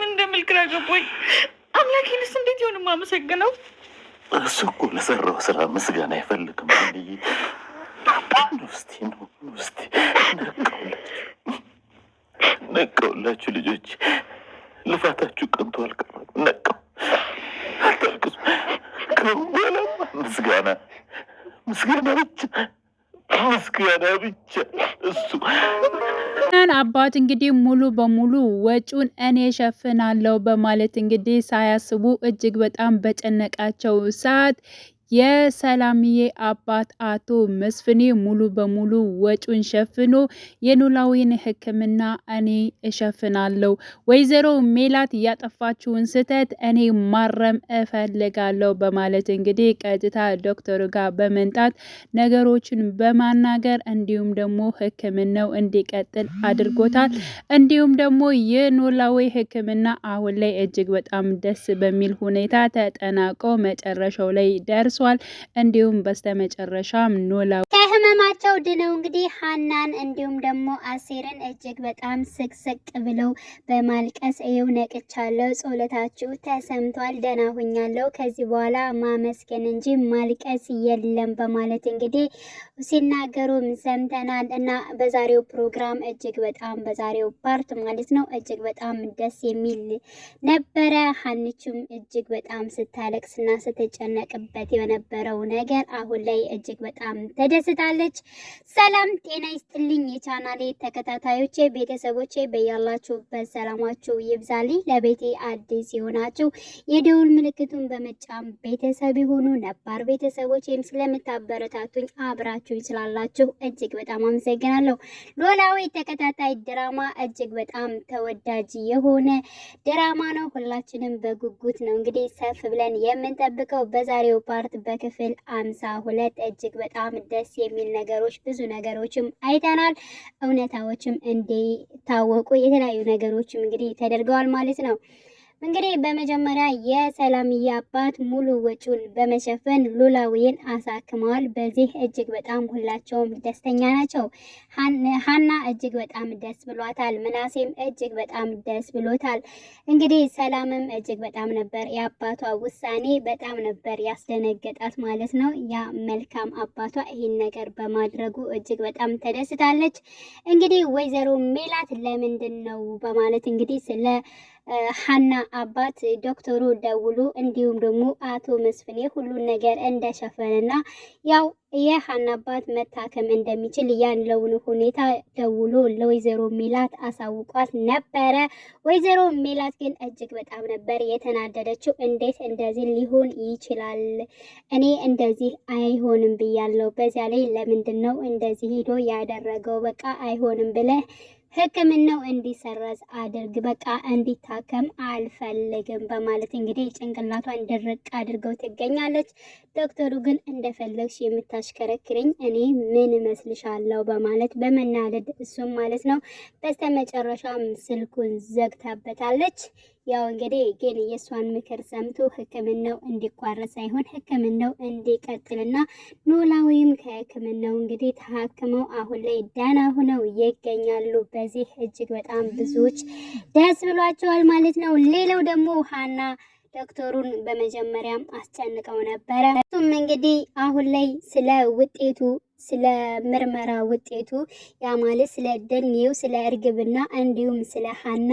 ምን እንደምል ግራ ገባኝ። አምላኬንስ እንዴት ይሆን የማመሰግነው? እሱ እኮ ለሰራው ስራ ምስጋና አይፈልግም። ንስቲ ንስቲ ነቀውላችሁ ልጆች፣ ልፋታችሁ ቀንቶ አልቀረም። ነቀው አታልቅሱ። ከምበላ ምስጋና ምስጋና ብቻ ምስጋና ብቻ እሱ አባት እንግዲህ ሙሉ በሙሉ ወጪውን እኔ ሸፍናለሁ በማለት እንግዲህ ሳያስቡ እጅግ በጣም በጨነቃቸው ሰዓት የሰላምዬ አባት አቶ መስፍኔ ሙሉ በሙሉ ወጪውን ሸፍኖ የኖላዊን ሕክምና እኔ እሸፍናለሁ። ወይዘሮ ሜላት ያጠፋችውን ስህተት እኔ ማረም እፈልጋለሁ በማለት እንግዲህ ቀጥታ ዶክተሩ ጋር በመንጣት ነገሮችን በማናገር እንዲሁም ደግሞ ሕክምናው እንዲቀጥል አድርጎታል። እንዲሁም ደግሞ የኖላዊ ሕክምና አሁን ላይ እጅግ በጣም ደስ በሚል ሁኔታ ተጠናቆ መጨረሻው ላይ ደርሶ ደርሷል። እንዲሁም በስተመጨረሻም ኖላ ከህመማቸው ድነው እንግዲህ ሀናን እንዲሁም ደግሞ አሴርን እጅግ በጣም ስቅስቅ ብለው በማልቀስ ይኸው ነቅቻለሁ፣ ጸሎታችሁ ተሰምቷል፣ ደህና ሁኛለሁ፣ ከዚህ በኋላ ማመስገን እንጂ ማልቀስ የለም በማለት እንግዲህ ሲናገሩም ሰምተናል እና በዛሬው ፕሮግራም እጅግ በጣም በዛሬው ፓርት ማለት ነው እጅግ በጣም ደስ የሚል ነበረ። ሀንችም እጅግ በጣም ስታለቅስና ስትጨነቅበት በነበረው ነገር አሁን ላይ እጅግ በጣም ተደስታለች። ሰላም ጤና ይስጥልኝ የቻናሌ ተከታታዮቼ ቤተሰቦቼ፣ በያላችሁበት ሰላማችሁ ይብዛልኝ። ለቤቴ አዲስ የሆናችሁ የደውል ምልክቱን በመጫም ቤተሰብ የሆኑ ነባር ቤተሰቦቼም ስለምታበረታቱኝ አብራችሁ ይችላላችሁ እጅግ በጣም አመሰግናለሁ። ኖላዊ ተከታታይ ድራማ እጅግ በጣም ተወዳጅ የሆነ ድራማ ነው። ሁላችንም በጉጉት ነው እንግዲህ ሰፍ ብለን የምንጠብቀው በዛሬው ፓርት በክፍል አምሳ ሁለት እጅግ በጣም ደስ የሚል ነገሮች ብዙ ነገሮችም አይተናል። እውነታዎችም እንዲታወቁ የተለያዩ ነገሮችም እንግዲህ ተደርገዋል ማለት ነው። እንግዲህ በመጀመሪያ የሰላምዬ አባት ሙሉ ወጪውን በመሸፈን ሉላዊን አሳክመዋል። በዚህ እጅግ በጣም ሁላቸውም ደስተኛ ናቸው። ሀና እጅግ በጣም ደስ ብሏታል። ምናሴም እጅግ በጣም ደስ ብሎታል። እንግዲህ ሰላምም እጅግ በጣም ነበር የአባቷ ውሳኔ በጣም ነበር ያስደነገጣት ማለት ነው። ያ መልካም አባቷ ይህን ነገር በማድረጉ እጅግ በጣም ተደስታለች። እንግዲህ ወይዘሮ ሜላት ለምንድን ነው በማለት እንግዲህ ስለ ሀና አባት ዶክተሩ ደውሎ እንዲሁም ደግሞ አቶ መስፍኔ ሁሉን ነገር እንደሸፈነና ያው የሀና አባት መታከም እንደሚችል ያለውን ሁኔታ ደውሎ ለወይዘሮ ሜላት አሳውቋት ነበረ። ወይዘሮ ሜላት ግን እጅግ በጣም ነበር የተናደደችው። እንዴት እንደዚህ ሊሆን ይችላል? እኔ እንደዚህ አይሆንም ብያለው። በዚያ ላይ ለምንድን ነው እንደዚህ ሂዶ ያደረገው? በቃ አይሆንም ብለህ ሕክምናው እንዲሰረዝ አድርግ፣ በቃ እንዲታከም አልፈልግም በማለት እንግዲህ ጭንቅላቷን ደረቅ አድርገው ትገኛለች። ዶክተሩ ግን እንደፈለግሽ የምታሽከረክርኝ እኔ ምን እመስልሻለሁ በማለት በመናደድ እሱም ማለት ነው በስተመጨረሻም ስልኩን ዘግታበታለች። ያው እንግዲህ ግን የእሷን ምክር ሰምቶ ሕክምናው እንዲቋረጥ ሳይሆን ሕክምናው እንዲቀጥልና ኖላዊም ከሕክምናው እንግዲህ ተሐክመው አሁን ላይ ደህና ሆነው ይገኛሉ። በዚህ እጅግ በጣም ብዙዎች ደስ ብሏቸዋል ማለት ነው። ሌላው ደግሞ ሀና ዶክተሩን በመጀመሪያም አስጨንቀው ነበረ። እሱም እንግዲህ አሁን ላይ ስለ ውጤቱ ስለ ምርመራ ውጤቱ ያ ማለት ስለ ደኔው ስለ እርግብና እንዲሁም ስለ ሀና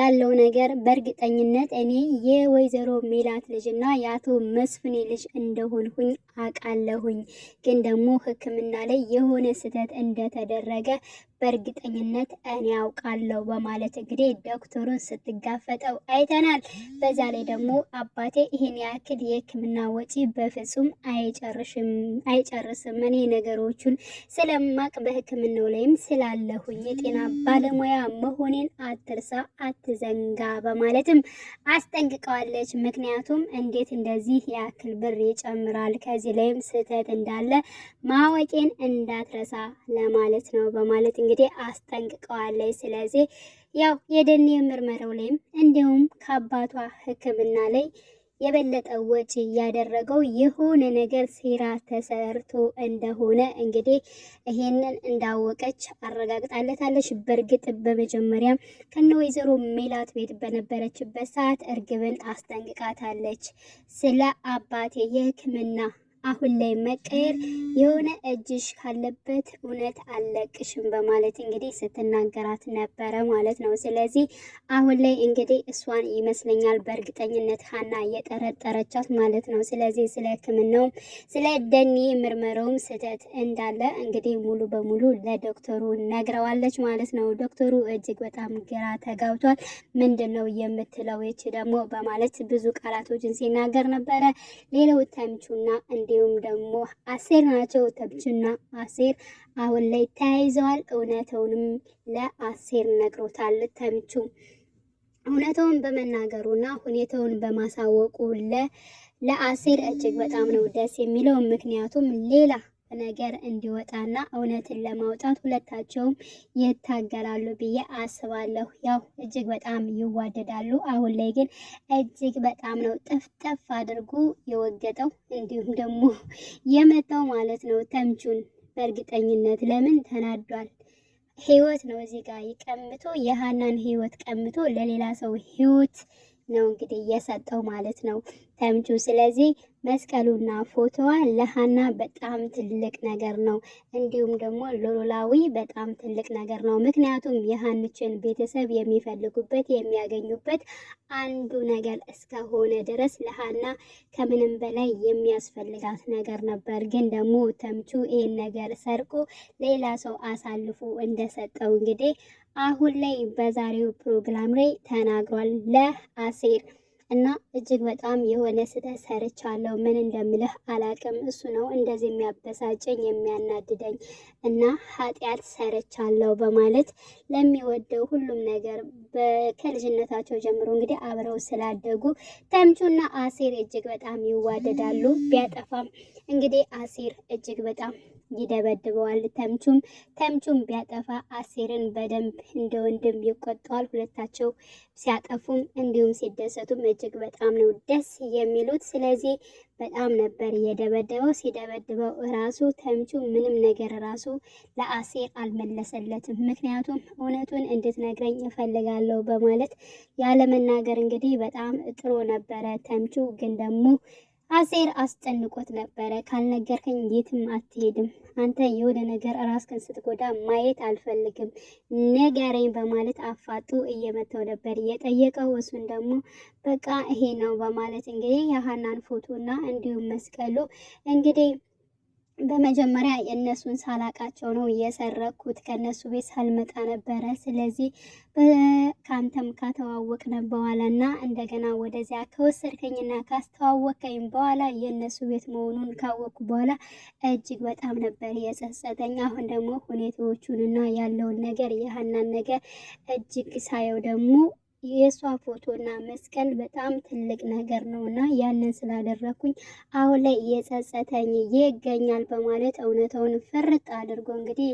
ያለው ነገር በእርግጠኝነት እኔ የወይዘሮ ሜላት ልጅና የአቶ መስፍኔ ልጅ እንደሆንሁኝ አቃለሁኝ ግን ደግሞ ሕክምና ላይ የሆነ ስህተት እንደተደረገ በእርግጠኝነት እኔ ያውቃለሁ በማለት እንግዲህ ዶክተሩን ስትጋፈጠው አይተናል። በዛ ላይ ደግሞ አባቴ ይህን ያክል የሕክምና ወጪ በፍጹም አይጨርስም። እኔ ነገሮቹን ስለማቅ በሕክምናው ላይም ስላለሁኝ የጤና ባለሙያ መሆኔን አትርሳ አትዘንጋ በማለትም አስጠንቅቀዋለች። ምክንያቱም እንዴት እንደዚህ ያክል ብር ይጨምራል፣ ከዚህ ላይም ስህተት እንዳለ ማወቄን እንዳትረሳ ለማለት ነው በማለት እንግዲህ አስጠንቅቀዋለች። ስለዚህ ያው የደኔ ምርመራው ላይም እንዲሁም ከአባቷ ሕክምና ላይ የበለጠ ወጪ ያደረገው የሆነ ነገር ሴራ ተሰርቶ እንደሆነ እንግዲህ ይሄንን እንዳወቀች አረጋግጣለታለች። በእርግጥ በመጀመሪያም ከነ ወይዘሮ ሜላት ቤት በነበረችበት ሰዓት እርግብን አስጠንቅቃታለች ስለ አባቴ የህክምና አሁን ላይ መቀየር የሆነ እጅሽ ካለበት እውነት አለቅሽም በማለት እንግዲህ ስትናገራት ነበረ ማለት ነው። ስለዚህ አሁን ላይ እንግዲህ እሷን ይመስለኛል በእርግጠኝነት ሀና እየጠረጠረቻት ማለት ነው። ስለዚህ ስለ ሕክምናውም ስለ ደኒ ምርመራውም ስህተት እንዳለ እንግዲህ ሙሉ በሙሉ ለዶክተሩ ነግረዋለች ማለት ነው። ዶክተሩ እጅግ በጣም ግራ ተጋብቷል። ምንድን ነው የምትለው ይች ደግሞ በማለት ብዙ ቃላቶችን ሲናገር ነበረ። ሌላው ተምቹና እንዲሁም ደግሞ አሴር ናቸው። ተብችና አሴር አሁን ላይ ተያይዘዋል። እውነተውንም ለአሴር ነግሮታል ተምቹ እውነታውን በመናገሩና ሁኔታውን በማሳወቁ ለአሴር እጅግ በጣም ነው ደስ የሚለው። ምክንያቱም ሌላ ነገር እንዲወጣና እውነትን ለማውጣት ሁለታቸውም ይታገላሉ ብዬ አስባለሁ። ያው እጅግ በጣም ይዋደዳሉ። አሁን ላይ ግን እጅግ በጣም ነው ጥፍጥፍ አድርጎ የወገጠው እንዲሁም ደግሞ የመጣው ማለት ነው ተምቹን በእርግጠኝነት ለምን ተናዷል። ህይወት ነው እዚህ ጋር ቀምቶ የሀናን ህይወት ቀምቶ ለሌላ ሰው ህይወት ነው እንግዲህ እየሰጠው ማለት ነው ተምቹ። ስለዚህ መስቀሉና ፎቶዋ ለሀና በጣም ትልቅ ነገር ነው፣ እንዲሁም ደግሞ ሎላዊ በጣም ትልቅ ነገር ነው። ምክንያቱም የሀንችን ቤተሰብ የሚፈልጉበት የሚያገኙበት አንዱ ነገር እስከሆነ ድረስ ለሀና ከምንም በላይ የሚያስፈልጋት ነገር ነበር። ግን ደግሞ ተምቹ ይህን ነገር ሰርቆ ሌላ ሰው አሳልፎ እንደሰጠው እንግዲህ አሁን ላይ በዛሬው ፕሮግራም ላይ ተናግሯል ለአሴር እና እጅግ በጣም የሆነ ስህተት ሰርቻለሁ። ምን እንደምልህ አላቅም። እሱ ነው እንደዚህ የሚያበሳጨኝ የሚያናድደኝ እና ኃጢአት ሰርቻለሁ በማለት ለሚወደው ሁሉም ነገር ከልጅነታቸው ጀምሮ እንግዲህ አብረው ስላደጉ ተምቹና አሴር እጅግ በጣም ይዋደዳሉ። ቢያጠፋም እንግዲህ አሴር እጅግ በጣም ይደበድበዋል። ተምቹም ተምቹም ቢያጠፋ አሴርን በደንብ እንደ ወንድም ይቆጠዋል። ሁለታቸው ሲያጠፉም እንዲሁም ሲደሰቱም እጅግ በጣም ነው ደስ የሚሉት። ስለዚህ በጣም ነበር የደበደበው። ሲደበድበው ራሱ ተምቹ ምንም ነገር ራሱ ለአሴር አልመለሰለትም። ምክንያቱም እውነቱን እንድትነግረኝ እፈልጋለሁ በማለት ያለመናገር እንግዲህ በጣም ጥሩ ነበረ። ተምቹ ግን ደግሞ አሴር አስጨንቆት ነበረ። ካልነገርከኝ የትም አትሄድም፣ አንተ የሆነ ነገር ራስህን ስትጎዳ ማየት አልፈልግም፣ ንገረኝ በማለት አፋጡ እየመተው ነበር የጠየቀው። እሱን ደግሞ በቃ ይሄ ነው በማለት እንግዲህ የሀናን ፎቶና እንዲሁም መስቀሉ እንግዲህ በመጀመሪያ የእነሱን ሳላቃቸው ነው እየሰረኩት ከእነሱ ቤት ሳልመጣ ነበረ። ስለዚህ ከአንተም ካተዋወቅን በኋላ እና እንደገና ወደዚያ ከወሰድከኝና ካስተዋወቀኝ በኋላ የእነሱ ቤት መሆኑን ካወቅኩ በኋላ እጅግ በጣም ነበር የጸጸተኝ። አሁን ደግሞ ሁኔታዎቹንና ያለውን ነገር የሀናን ነገር እጅግ ሳየው ደግሞ የእሷ ፎቶና መስቀል በጣም ትልቅ ነገር ነው እና ያንን ስላደረግኩኝ አሁን ላይ እየጸጸተኝ ይገኛል በማለት እውነታውን ፍርጥ አድርጎ እንግዲህ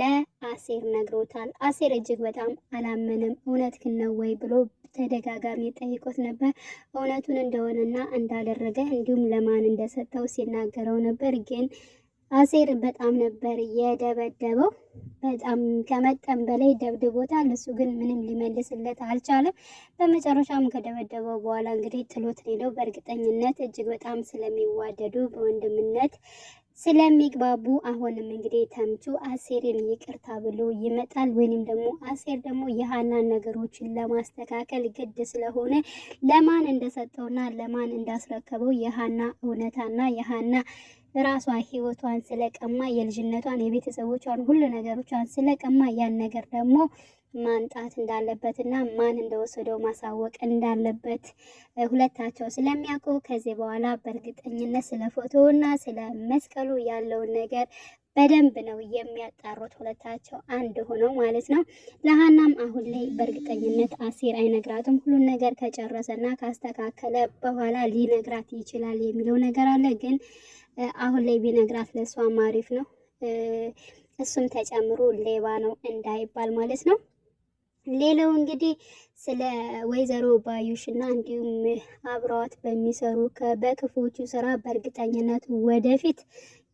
ለአሴር ነግሮታል። አሴር እጅግ በጣም አላመንም እውነት ነው ወይ ብሎ ተደጋጋሚ ጠይቆት ነበር። እውነቱን እንደሆነና እንዳደረገ እንዲሁም ለማን እንደሰጠው ሲናገረው ነበር ግን አሴር በጣም ነበር የደበደበው። በጣም ከመጠን በላይ ደብድቦታል። እሱ ግን ምንም ሊመልስለት አልቻለም። በመጨረሻም ከደበደበው በኋላ እንግዲህ ጥሎት ሄደው። በእርግጠኝነት እጅግ በጣም ስለሚዋደዱ በወንድምነት ስለሚግባቡ አሁንም እንግዲህ ተምቹ አሴርን ይቅርታ ብሎ ይመጣል። ወይንም ደግሞ አሴር ደግሞ የሀናን ነገሮችን ለማስተካከል ግድ ስለሆነ ለማን እንደሰጠውና ለማን እንዳስረከበው የሀና እውነታና የሀና ራሷ ህይወቷን ስለቀማ የልጅነቷን የቤተሰቦቿን ሁሉ ነገሮቿን ስለቀማ ያን ነገር ደግሞ ማንጣት እንዳለበት እና ማን እንደወሰደው ማሳወቅ እንዳለበት ሁለታቸው ስለሚያውቁ ከዚህ በኋላ በእርግጠኝነት ስለ ና ስለ መስቀሉ ያለውን ነገር በደንብ ነው የሚያጣሩት። ሁለታቸው አንድ ሆነው ማለት ነው። ለሀናም አሁን ላይ በእርግጠኝነት አሴር አይነግራትም። ሁሉን ነገር ከጨረሰና ካስተካከለ በኋላ ሊነግራት ይችላል የሚለው ነገር አለ ግን አሁን ላይ ቢነግራት ለእሷም አሪፍ ነው። እሱም ተጨምሮ ሌባ ነው እንዳይባል ማለት ነው። ሌላው እንግዲህ ስለ ወይዘሮ ባዩሽ እና እንዲሁም አብረዋት በሚሰሩ በክፎቹ ስራ በእርግጠኝነት ወደፊት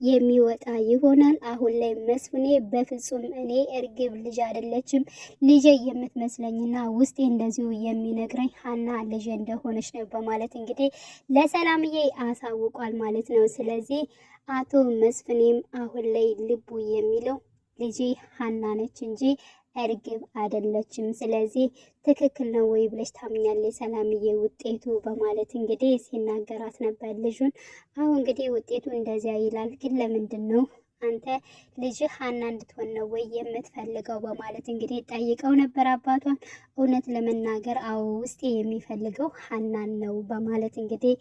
የሚወጣ ይሆናል። አሁን ላይ መስፍኔ በፍጹም እኔ እርግብ ልጅ አይደለችም ልጄ የምትመስለኝና ውስጤ እንደዚሁ የሚነግረኝ ሀና ልጄ እንደሆነች ነው በማለት እንግዲህ ለሰላምዬ አሳውቋል ማለት ነው። ስለዚህ አቶ መስፍኔም አሁን ላይ ልቡ የሚለው ልጄ ሀና ነች እንጂ እርግብ አይደለችም። ስለዚህ ትክክል ነው ወይ ብለሽ ታምኛለች ሰላምዬ ውጤቱ በማለት እንግዲህ ሲናገራት ነበር ልጁን። አሁን እንግዲህ ውጤቱ እንደዚያ ይላል፣ ግን ለምንድን ነው አንተ ልጅ ሀና እንድትሆን ነው ወይ የምትፈልገው? በማለት እንግዲህ ጠይቀው ነበር አባቷን። እውነት ለመናገር አዎ ውስጤ የሚፈልገው ሀናን ነው በማለት እንግዲህ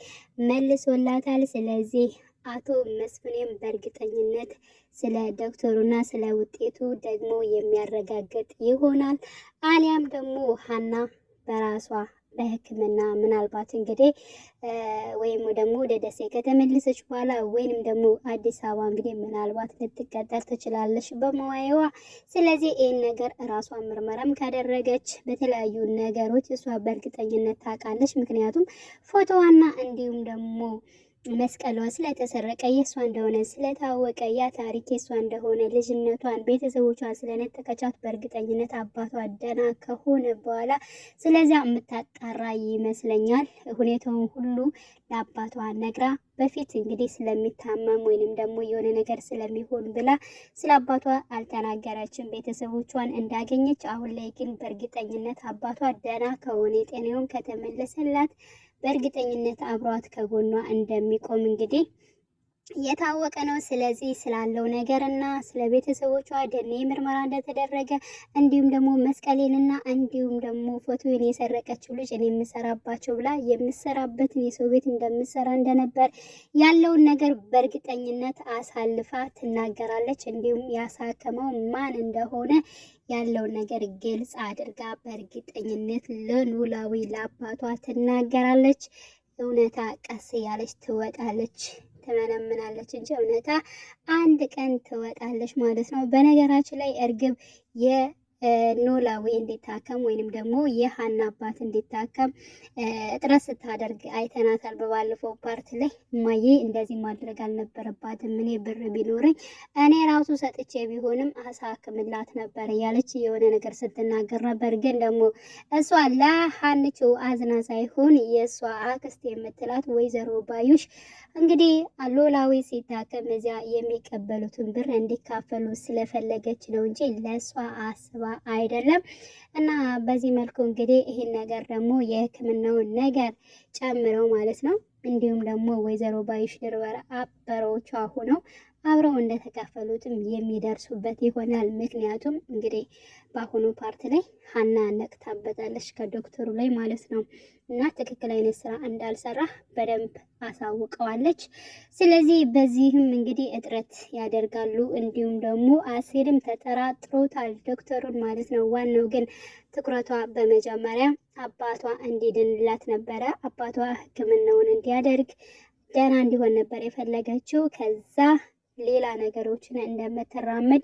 መልሶላታል። ስለዚህ አቶ መስፍኔም በእርግጠኝነት ስለ ዶክተሩና ስለ ውጤቱ ደግሞ የሚያረጋግጥ ይሆናል። አሊያም ደግሞ ሀና በራሷ በሕክምና ምናልባት እንግዲህ ወይም ደግሞ ወደ ደሴ ከተመለሰች በኋላ ወይንም ደግሞ አዲስ አበባ እንግዲህ ምናልባት ልትቀጠር ትችላለች በመዋየዋ። ስለዚህ ይህን ነገር እራሷ ምርመራም ካደረገች በተለያዩ ነገሮች እሷ በእርግጠኝነት ታውቃለች። ምክንያቱም ፎቶዋና እንዲሁም ደግሞ መስቀሏ ስለተሰረቀ የእሷ እንደሆነ ስለታወቀ ያ ታሪክ የእሷ እንደሆነ ልጅነቷን ቤተሰቦቿ ስለነጠቀቻት በእርግጠኝነት አባቷ ደና ከሆነ በኋላ ስለዚያ የምታጣራ ይመስለኛል። ሁኔታውን ሁሉ ለአባቷ ነግራ በፊት እንግዲህ ስለሚታመም ወይንም ደግሞ የሆነ ነገር ስለሚሆን ብላ ስለ አባቷ አልተናገረችም ቤተሰቦቿን እንዳገኘች። አሁን ላይ ግን በእርግጠኝነት አባቷ ደና ከሆነ ጤናውን ከተመለሰላት በእርግጠኝነት አብሯት ከጎኗ እንደሚቆም እንግዲህ የታወቀ ነው። ስለዚህ ስላለው ነገርና እና ስለ ቤተሰቦቿ ደኔ ምርመራ እንደተደረገ እንዲሁም ደግሞ መስቀሌንና እንዲሁም ደግሞ ፎቶን የሰረቀችው ልጅ እኔ የምሰራባቸው ብላ የምሰራበትን የሰው ቤት እንደምሰራ እንደነበር ያለውን ነገር በእርግጠኝነት አሳልፋ ትናገራለች። እንዲሁም ያሳከመው ማን እንደሆነ ያለውን ነገር ግልጽ አድርጋ በእርግጠኝነት ለኖላዊ ለአባቷ ትናገራለች። እውነታ ቀስ እያለች ትወጣለች። ትመነምናለች እንጂ እውነታ አንድ ቀን ትወጣለች ማለት ነው። በነገራችን ላይ እርግብ የ ኖላዊ እንዲታከም ወይንም ደግሞ የሀና አባት እንዲታከም ጥረት ስታደርግ አይተናታል። በባለፈው ፓርት ላይ እማዬ እንደዚህ ማድረግ አልነበረባትም፣ እኔ ብር ቢኖረኝ እኔ ራሱ ሰጥቼ ቢሆንም አሳክምላት ነበር እያለች የሆነ ነገር ስትናገር ነበር። ግን ደግሞ እሷ ለሀንቾ አዝና ሳይሆን የእሷ አክስት የምትላት ወይዘሮ ባዩሽ እንግዲህ ኖላዊ ሲታከም እዚያ የሚቀበሉትን ብር እንዲካፈሉ ስለፈለገች ነው እንጂ ለእሷ አስባ አይደለም እና በዚህ መልኩ እንግዲህ ይህን ነገር ደግሞ የህክምናውን ነገር ጨምረው ማለት ነው እንዲሁም ደግሞ ወይዘሮ ባዩሽ ድርበር አበሮቿ ሆነው አብረው እንደተካፈሉትም የሚደርሱበት ይሆናል። ምክንያቱም እንግዲህ በአሁኑ ፓርት ላይ ሀና ነቅታበታለች ከዶክተሩ ላይ ማለት ነው። እና ትክክል አይነት ስራ እንዳልሰራ በደንብ አሳውቀዋለች። ስለዚህ በዚህም እንግዲህ እጥረት ያደርጋሉ። እንዲሁም ደግሞ አሲርም ተጠራጥሮታል ዶክተሩን ማለት ነው። ዋናው ግን ትኩረቷ በመጀመሪያ አባቷ እንዲድንላት ነበረ። አባቷ ሕክምናውን እንዲያደርግ ደህና እንዲሆን ነበር የፈለገችው ከዛ ሌላ ነገሮችን እንደምትራመድ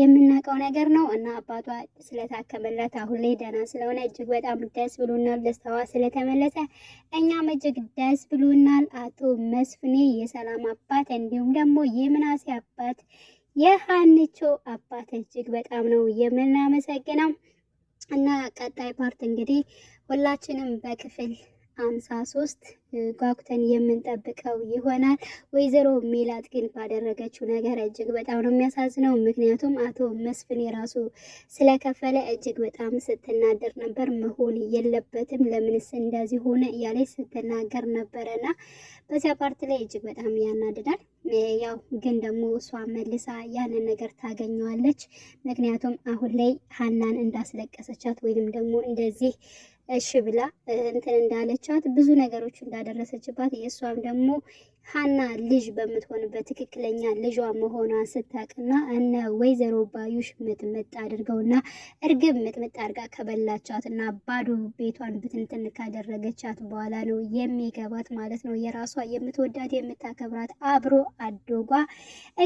የምናውቀው ነገር ነው እና አባቷ ስለታከመላት አሁን ላይ ደህና ስለሆነ እጅግ በጣም ደስ ብሎናል። ደስታዋ ስለተመለሰ እኛም እጅግ ደስ ብሎናል። አቶ መስፍኔ የሰላም አባት እንዲሁም ደግሞ የምናሴ አባት የሀንቾ አባት እጅግ በጣም ነው የምናመሰግነው እና ቀጣይ ፓርት እንግዲህ ሁላችንም በክፍል ሀምሳ ሶስት ጓጉተን የምንጠብቀው ይሆናል። ወይዘሮ ሜላት ግን ባደረገችው ነገር እጅግ በጣም ነው የሚያሳዝነው። ምክንያቱም አቶ መስፍን የራሱ ስለከፈለ እጅግ በጣም ስትናደር ነበር። መሆን የለበትም ለምንስ እንደዚህ ሆነ እያለች ስትናገር ነበረና በዚያ ፓርት ላይ እጅግ በጣም ያናድዳል። ያው ግን ደግሞ እሷ መልሳ ያንን ነገር ታገኘዋለች። ምክንያቱም አሁን ላይ ሀናን እንዳስለቀሰቻት ወይንም ደግሞ እንደዚህ እሺ ብላ እንትን እንዳለቻት ብዙ ነገሮች እንዳደረሰችባት የእሷም ደግሞ ሀና ልጅ በምትሆንበት ትክክለኛ ልጇ መሆኗን ስታቅና እነ ወይዘሮ ባዩሽ ምጥምጥ አድርገውና እርግብ ምጥምጥ አድርጋ ከበላቻት እና ባዶ ቤቷን ብትንትን ካደረገቻት በኋላ ነው የሚገባት ማለት ነው። የራሷ የምትወዳት የምታከብራት አብሮ አደጓ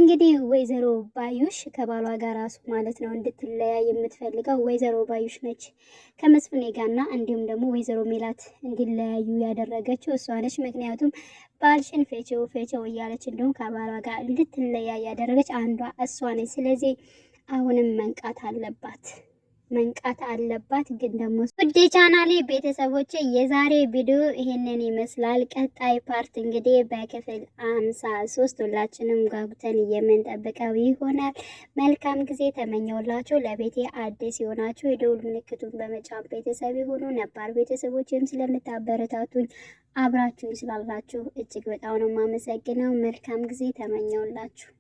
እንግዲህ ወይዘሮ ባዩሽ ከባሏ ጋር ራሱ ማለት ነው እንድትለያ የምትፈልገው ወይዘሮ ባዩሽ ነች ከመስፍኔ ጋርና እንዲሁም ደግሞ ወይዘሮ ሜላት እንዲለያዩ ያደረገችው እሷ ነች። ምክንያቱም ባልሽን ፌቸው ፌቸው እያለች እንዲሁም ከባሏ ጋር ልትለያ ያደረገች አንዷ እሷ ነች። ስለዚህ አሁንም መንቃት አለባት። መንቃት አለባት። ግን ደግሞ ውድ ቻናሌ ቤተሰቦች የዛሬ ቪዲዮ ይሄንን ይመስላል። ቀጣይ ፓርት እንግዲህ በክፍል አምሳ ሶስት ሁላችንም ጓጉተን የምንጠብቀው ይሆናል። መልካም ጊዜ ተመኘውላችሁ። ለቤቴ አዲስ የሆናችሁ የደውል ምልክቱን በመጫን ቤተሰብ የሆኑ ነባር ቤተሰቦችም ስለምታበረታቱኝ አብራችሁኝ ስላላችሁ እጅግ በጣም ነው የማመሰግነው። መልካም ጊዜ ተመኘውላችሁ።